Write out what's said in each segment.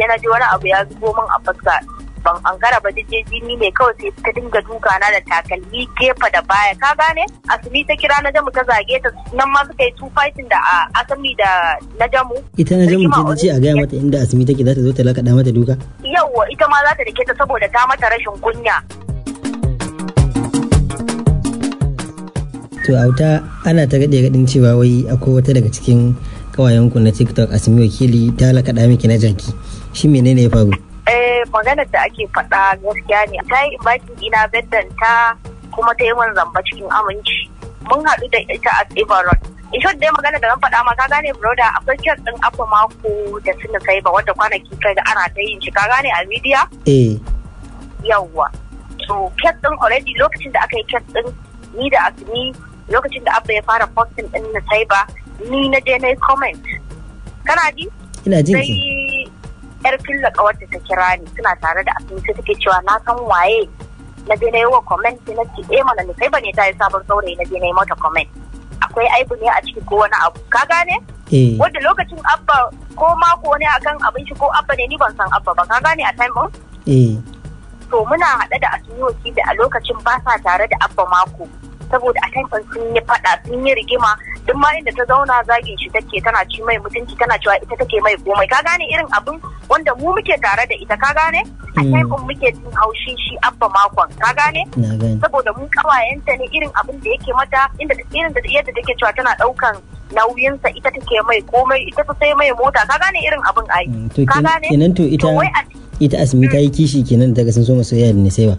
sai na ji wani abu ya zubo min a fuska ban ankara ba je jini ne kawai sai ta dinga duka na da takalmi gefa da baya ka gane asumi ta kira na jamu ta zage ta nan ma suka yi two fighting da asumi da na jamu ita na jamu ta ce a gaya mata inda asumi take za ta zo ta lakaɗa mata duka yawwa ita ma za ta rike ta saboda ta mata rashin kunya to a wuta ana ta gaɗe gaɗin cewa wai akwai wata daga cikin kawayenku na tiktok asimi wakili ta lakaɗa miki na jaki shi menene ya faru eh maganar da ake faɗa gaskiya ne ta yi bakin ina beddanta kuma ta yi wani zamba cikin aminci mun haɗu da ita a Everett Ishot dai magana da zan faɗa ma ka gane broda akwai kyan ɗin abu mako da suna kai ba wanda kwanaki kai da ana ta yin shi ka gane a media? Eh. Yawwa. So kyan ɗin already lokacin da aka yi kyan ɗin ni da asini lokacin da abba ya fara posting din na saiba ni na je na yi comment kana ji ina ji ki yar filla kawar ta kira ni suna tare da asibiti sai take cewa na san waye na je na yi wa comment na ce eh mana sai ba ne ta yi sabon saurayi na je na yi mata comment akwai aibu ne a ciki ko wani abu ka gane eh. wanda lokacin abba ko mako ne akan abin shi ko abba ne ni ban san abba ba ka gane a time din eh. to muna haɗe da asibiti da a lokacin ba sa tare da abba mako saboda a taifan sun yi fada sun yi rigima duk ma inda ta zauna zagin shi take tana ci mai mutunci tana cewa ita take mai komai ka gane irin abin wanda mu muke tare da ita ka gane mm. a taifan muke jin haushi shi abba makon ka gane saboda mun kawayenta ne irin abin da yake mata inda irin da yadda take cewa tana daukan nauyinsa ita take mai komai ita ta sai mai mota ka gane irin abin ai mm, ka gane to ita ita asimi ta yi kishi kenan daga sun so masu da ne sai ba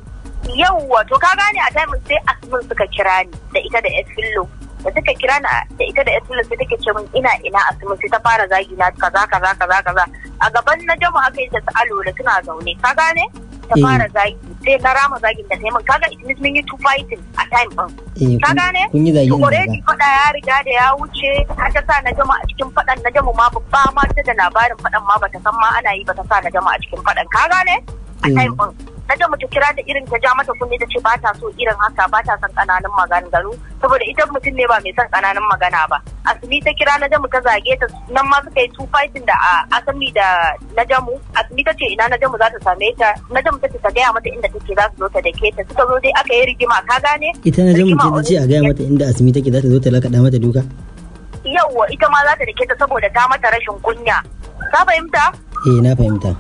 yauwa to ka gane a time sai asmin suka kira ni da ita da esfillo da suka kira ni da ita da esfillo sai take ce min ina ina asmin sai ta fara zagi na kaza kaza kaza kaza a gaban na jama aka yi ta sa'alo da suna zaune ka gane ta eh. fara zagi sai ta rama zagin da taimun kaga it means mun yi two fighting a time din eh, ka gane kun yi zagin fada ya riga da ya wuce a ta sa na jama a cikin fadan na jama ma babba ma ta da labarin fadan ma bata san ma ana yi bata sa na jama a cikin fadan ka gane a eh. time din na da mace kira da irin ta ja mata kunne ta ce ba ta so irin haka ba ta son kananun maganganu saboda ita mutum ne ba mai son kananun magana ba asmi ta kira na jamu ta zage ta nan ma suka yi two fighting da asami da na jamu asmi ta ce ina na jamu za ta same ta na jamu ta ce ta gaya mata inda take za su zo ta ke ta suka zo dai aka yi rigima ka gane ita na jamu ta ce a gaya mata inda asmi take za ta zo ta lakaɗa mata duka yawwa ita ma za ta ke ta saboda ta mata rashin kunya ka fahimta eh na fahimta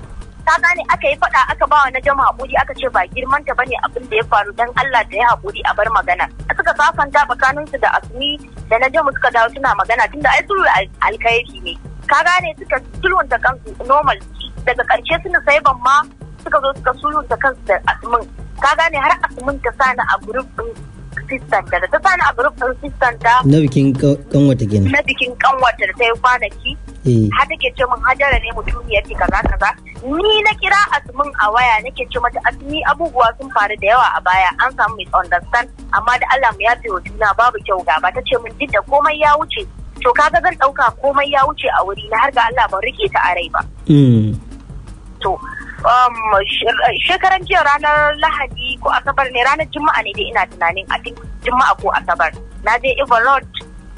ta gane aka yi faɗa aka ba na jama haƙuri aka ce ba girman ta bane abin da ya faru dan Allah ta yi haƙuri a bar magana suka safanta tsakanin su da asmi da na jama suka dawo suna magana tunda ai sulhu alkhairi ne ka gane suka sulhun da kansu normal daga ƙarshe suna sai ban ma suka zo suka sulhun da kansu da asmin ka gane har asmin ta sani a group din sistan da ta sani a group din sistan ta na bikin kanwata kenan na bikin kanwata da ta yi kwanaki eh. har take ce mun hajara ne mutum ya ce kaza kaza ni na kira asumin a waya nake ce mata asumi abubuwa sun faru da yawa a baya an samu misunderstand amma da Allah mu yafe wa juna babu kyau gaba ta ce mun duk da komai ya wuce to kaga zan dauka komai ya wuce a wuri na har ga Allah ban rike ta a ba mm. to um, shekaran jiya ranar lahadi ko asabar ne ranar juma'a ne dai ina tunanin a juma'a ko asabar na je Ivan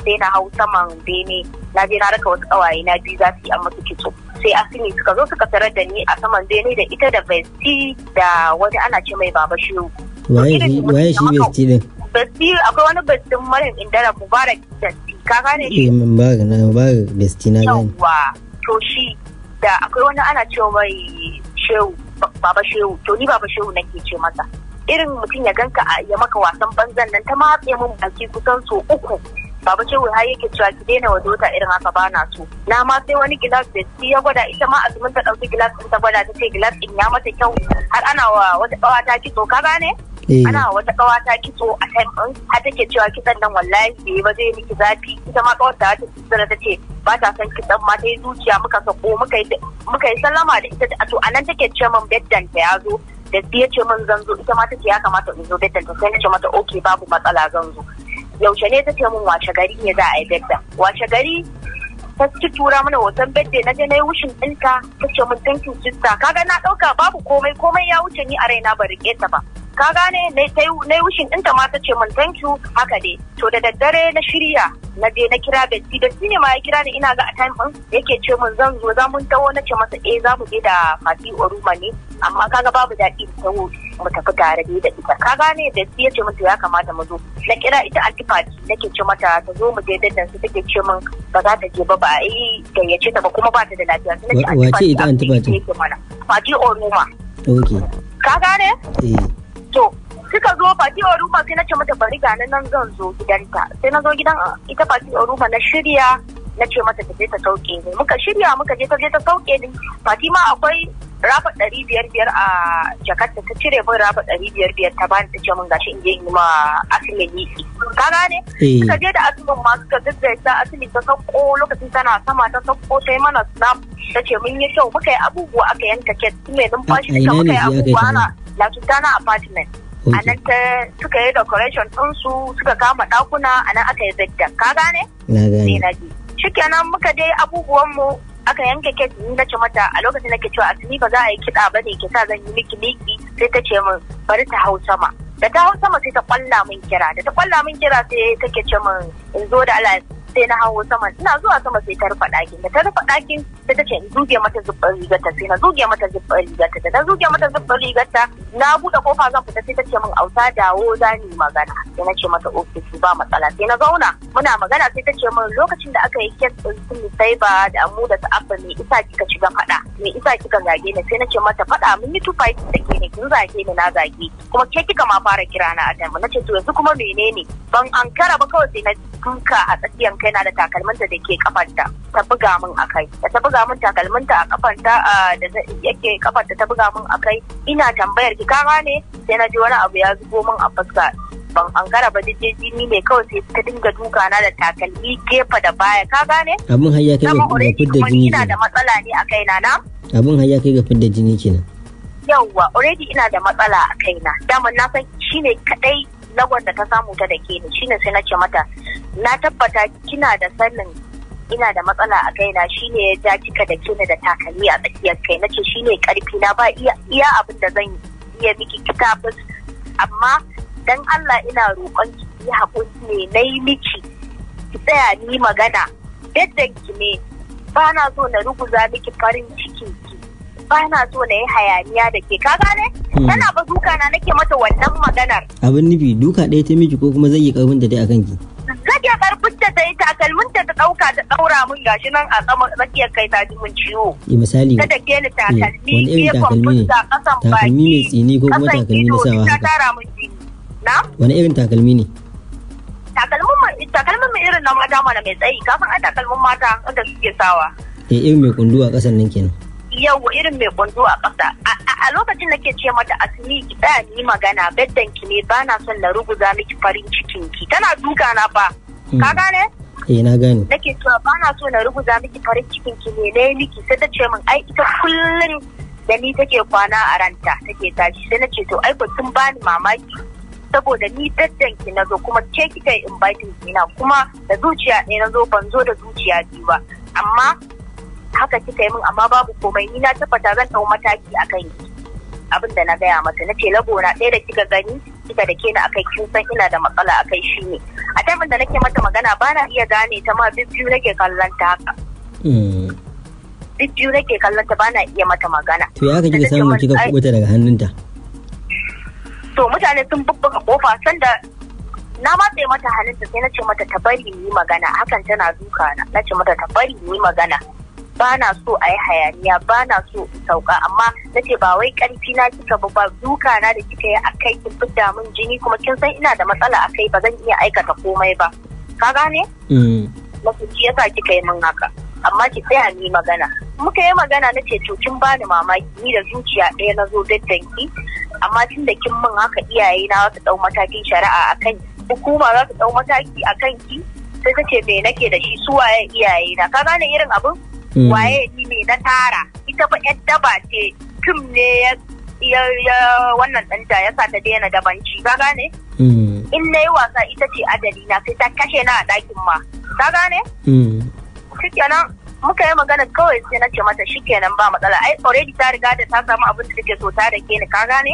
sai na hau saman bene na je na raka wasu kawaye na biyu za su yi an musu kitso sai asini suka zo suka tarar da ni a saman bene da ita da besti da wani ana ce mai baba shehu waye shi besti din besti akwai wani besti marin indara mubarak besti kaka ne shi eh, mubarak na mubarak besti na gani yawa to shi da akwai wani ana ce mai shehu baba shehu to ni baba shehu nake ce masa irin mutum ya ganka ya maka wasan banzan nan ta matse mun baki kusan so uku Baba ce har yake cewa ki daina dota irin haka ba na so. Na ma sai wani gilas da shi ya gwada ita ma azumin ta ɗauki gilas ɗin ta gwada ta ce gilas ɗin ya mata kyau har ana wa wata ƙawata kitso ka gane? Eh. Ana wa wata ƙawata kitso a kan ɗin har take cewa kitson nan wallahi bai ba zai miki zafi ita ma kawar ta tsira ta ce ba ta son kitson ma ta yi zuciya muka sako muka yi sallama da ita to a nan take cewa min beddan ta ya zo da ya ce min zan zo ita ma ta ya kamata in zo beddan ta sai na ce mata okay babu matsala zan yaushe ne ta ce mun wace gari ne za a yi bedda wace gari ta ci tura mana hoton bedde na je na yi wushin ɗinta ta ce mun tankin sista kaga na ɗauka babu komai komai ya wuce ni a raina ba riƙe ta ba ka gane na yi wushin ɗinta ma ta ce mun thank haka dai to da daddare na shirya na je na kira Da shi ne ma ya kira ni ina ga a time ɗin yake ce mun zan zo za mun taho na ce masa eh za mu je da Fati Oruma ne amma kaga babu daɗi da taho mu tafi tare da ita ka gane da ya ce mata ya kamata mu zo na kira ita altifat nake ce mata ta zo mu je dandan su take ce min ba za ta je ba ba ai gayyace ta ba kuma ba ta da lafiya sai nake wace ita altifat yake Fati Oruma okay ka gane eh to suka zo Fati Oruma sai nake ce mata bari ga nan zan zo gidanta sai na zo gidan ah, ita Fati Oruma na shirya na ce mata ta je ta sauke ni muka shirya muka je ta je ta sauke ni Fatima akwai raba ɗari biyar biyar a jakarta ta cire mun raba ɗari biyar biyar ta bani ta ce min gashi in je in yi ma asilin yiki ka gane eh. suka je da asibin ma suka sa asibin ta sauko lokacin tana sama ta sauko ta yi mana snap ta ce mun yi kyau muka yi abubuwa aka yanka ket mai numfashi suka muka yi abubuwa ana latutana apartment a nan ta suka yi decoration ɗinsu suka kama ɗakuna a nan aka yi bedda ka gane? na gane shikenan muka je abubuwanmu aka yanke kek ni na ce mata a lokacin nake cewa a ba za a yi kiɗa ba ne ki sa zan yi miki miki sai ta ce min bari ta hau sama da ta hau sama sai ta kwalla min kira da ta kwalla min kira sai take ce min in zo da Allah sai na hawo sama ina zuwa sama sai ta rufa ɗakin da ta rufa ɗakin sai ta ce in zuge mata zubar rigarta sai na zuge mata zubar rigarta da na zuge mata zubar rigarta na buɗe kofa zan fita sai ta ce min auta dawo za ni magana sai na ce mata ofis oh, ba matsala sai na zauna muna magana sai ta ce min lokacin da aka yi kes ɗin sun sai ba da amu da Afa. me isa kika shiga faɗa me isa kika zage ni sai na ce mata faɗa mun yi tufafi. da ke ne kin zage ni na zage kuma ke kika ma fara kira na a na ce to yanzu kuma menene ban ankara ba kawai sai na duka a tsakiyar kai na da takalminta da ke kafanta ta buga min akai da ta buga min takalminta a kafanta da yake kafanta ta buga min akai ina tambayar ki kama ne sai na ji wani abu ya zubo min a fuska ban an gara ba duk jini ne kawai sai ta dinga duka na da takalmi gefa da baya ka gane abin hayya kai ga fidda jini ina da matsala ne a kaina na abin har kai ga fidda jini kenan yawwa already ina da matsala a kaina daman na san shine kadai lagon da ta samu ta da ke ni shine sai na ce mata na tabbata kina da sanin ina da matsala a kaina shine ya ja kika da kina da takalmi a tsakiyar kai nace shine karfi na ba iya abin da zan iya miki kitabus amma dan Allah ina roƙon ki yi haƙuri ne na miki ki tsaya ni magana yadda ki ne ba na so na ruguza miki farin ba na so na yi hayaniya da ke kaga ne hmm. tana ba duka na nake mata wannan maganar abin nufi duka ɗaya ta miki ko kuma zai yi karfin da dai kanki zai rage karfin ta ta yi takalmin ta ta ɗauka ta ɗaura min gashi nan a sama tsakiyar kai ta ji mun ciwo eh, misali ta da ke ni eh, takalmi gefen fuska ƙasan baki takalmi ne tsini ko kuma takalmi na sawa haka wani irin takalmi ne takalmin takalmin mai irin na mata mana mai tsayi kafin a takalmin mata wanda suke sawa eh irin mai kundu a ƙasan nan kenan yawa irin mai kwando a ƙasa a lokacin da ke ce mata asmi ki tsaya ni magana beddan ki ne ba na son na ruguza miki farin cikin ki tana duka na fa hmm. ka gane eh na gane nake cewa ba na so na ruguza miki farin cikin ki ne ne miki sai ta ce min ai ita kullum da ni take kwana a ranta take tashi sai na ce to ai tun bani mamaki saboda ni daddan ki nazo kuma ke kika yi inviting ina kuma da zuciya ɗaya nazo ban zo da zuciya biyu ba amma haka kika yi min amma babu komai ni na tabbata zan dau mataki a ki. abin da na gaya mata na ce labo na ɗaya da kika gani kika da ke na akai kin san ina da matsala akai shi ne a taimin da nake mata magana ba na iya gane ta ma biyu nake kallon ta haka hmm. biyu nake kallon ta ba na iya mata magana to ya kike samun kika kubuta daga hannunta to mutane sun bubbuga kofa sanda na matse mata halitta sai na ce mata ta bari ni magana hakan tana duka na na ce mata ta bari ni magana ba na so a yi hayaniya ba na so in sauka amma na ce ba wai karfi na kika ba ba duka na da kika yi a kai kin fidda min jini kuma kin san ina da matsala a kai ba zan iya aikata komai ba ka gane? Mafuci mm. yasa kika yi min haka amma ki tsaya ni magana muka yi magana na ce to kin bani mamaki ni da zuciya ɗaya na zo ki amma tun da kin min haka iyaye na wasu ɗau matakin shari'a akan hukuma za su ɗau mataki akan ki sai ta ce me nake da shi suwaye iyaye na ka gane irin abin Mm. waye ni ne na tara ita ba yan daba ce kim ne ya wannan danta ya sa ta daina dabanci ka gane mm. in na yi wasa ita ce adali na sai ta kashe na a ɗakin ma ka gane mm. shikenan muka yi magana kawai sai na ce mata shikenan ba matsala ai already ta riga da ta samu abin da take so ta da ke ni ka gane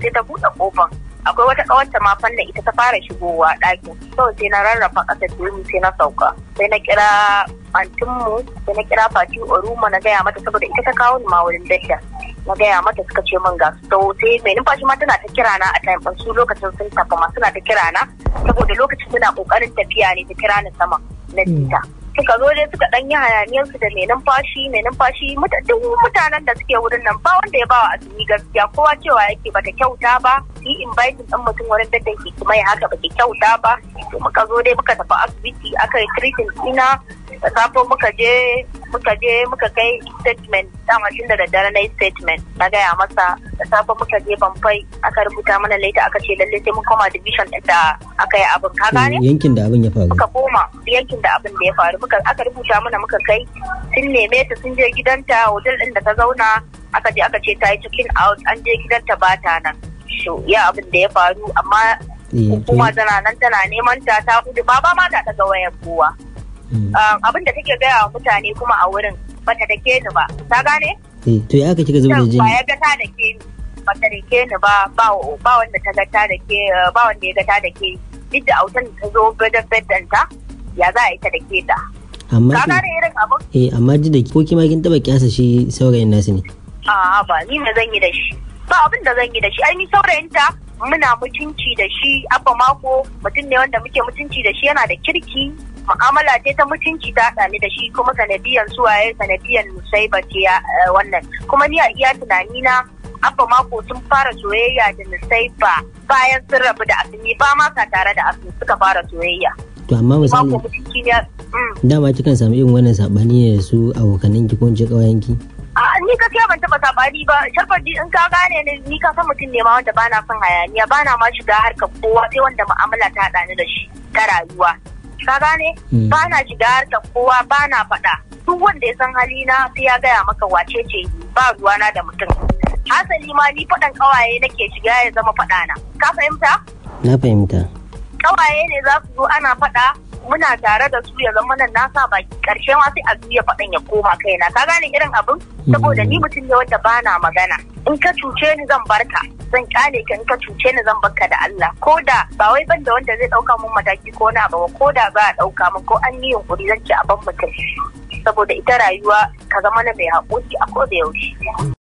sai ta buɗe kofar akwai wata kawanta ma fannin ita ta fara shigowa ɗakin so sai na rarrafa ƙasa, domin sai na sauka sai na kira antinmu sai na kira fati oruma na gaya mata saboda ita ta kawo ma wurin dasha na gaya mata suka ce min ga so sai mai numfashi ma tana ta kira na a time su lokacin sun tafi ma suna ta kira na saboda lokacin suna kokarin tafiya ne ta kira ni sama na jita. suka zo dai suka ɗan yi hayaniyar su da mai numfashi mai numfashi duk mutanen da suke wurin nan ba wanda ya bawa azumi gaskiya kowa cewa yake bata kyauta ba yi inviting din mutum wurin da ke kuma ya haka bata kyauta ba to muka zo dai muka tafi asibiti aka yi treating ina da safe muka je muka je muka kai statement dama tun da daddare na statement na gaya masa da safe muka je bamfai aka rubuta mana laita aka ce lalle sai mun koma division din da aka yi abin ka gane yankin da abin ya faru muka koma yankin da abin da ya faru muka aka rubuta mana muka kai sun neme ta sun je gidanta hotel din da ta zauna aka je aka ce ta yi checking out an je gidanta ba ta nan ya abin da ya faru amma eh, hukuma tana nan tana neman ta ta hudu, ba ba ma ta daga wayar kowa Mm. Ah, abin da take gaya wa mutane kuma a wurin bata da ke ni ba ta gane eh, to ya aka kika zubar da jini ba ya ga ta da ke ni bata da ke ni ba ba wanda ta ga ta da ke eh, ba wanda ya ga ta da ke duk da autan ta zo gadon beddanta ya za a yi ta da ke ta amma ka gane irin abu eh amma ji da ko kima kin taba kyasa shi saurayin nasu ne a'a ba ni ne zan yi da shi ba abin da zan yi da shi ai ni saurayin ta muna mutunci da shi abba mako mutum ne wanda muke mutunci da shi yana da kirki mu'amala ce ta mutunci ta sami ni da shi kuma sanadiyan suwaye sanadiyan ba ce eh, wannan kuma ni a iya tunani na abba mako sun fara soyayya da ba bayan sun rabu da asini ba ma ka tare da asini suka fara soyayya. to amma misali mm. dama kikan samu irin wannan sabani ne su abokanin ki ko ji kawayen a ni gaskiya ban taba sabani ba sharfardi in ka gane ni ni ka san mutum ne ma wanda bana son hayaniya bana ma shiga harkar kowa sai wanda mu'amala ta haɗa ni da shi ta rayuwa ka gane hmm. ba na shiga harta kowa ba na faɗa duk wanda ya san halina sai ya gaya maka wace ce ba ruwana da mutum hasali ma ni faɗan ƙawaye nake shiga ya zama faɗana ka fahimta na fahimta kawaye ne za su zo ana faɗa muna tare da su ya zama nan na sa baki ƙarshen ma sai a zuya faɗan ya koma kaina ka gane irin abin saboda ni mm. mutum ne wanda bana magana in ka cuce ni zan barka zan kyale ka in ka cuce ni zan barka da Allah ko da ba wai ban da wanda zai ɗauka mun mataki ko na ba ko da za a dauka mun ko an yi yunkuri zan ci a ban mutum saboda ita rayuwa ka zama na mai haƙoƙi a ko da yaushe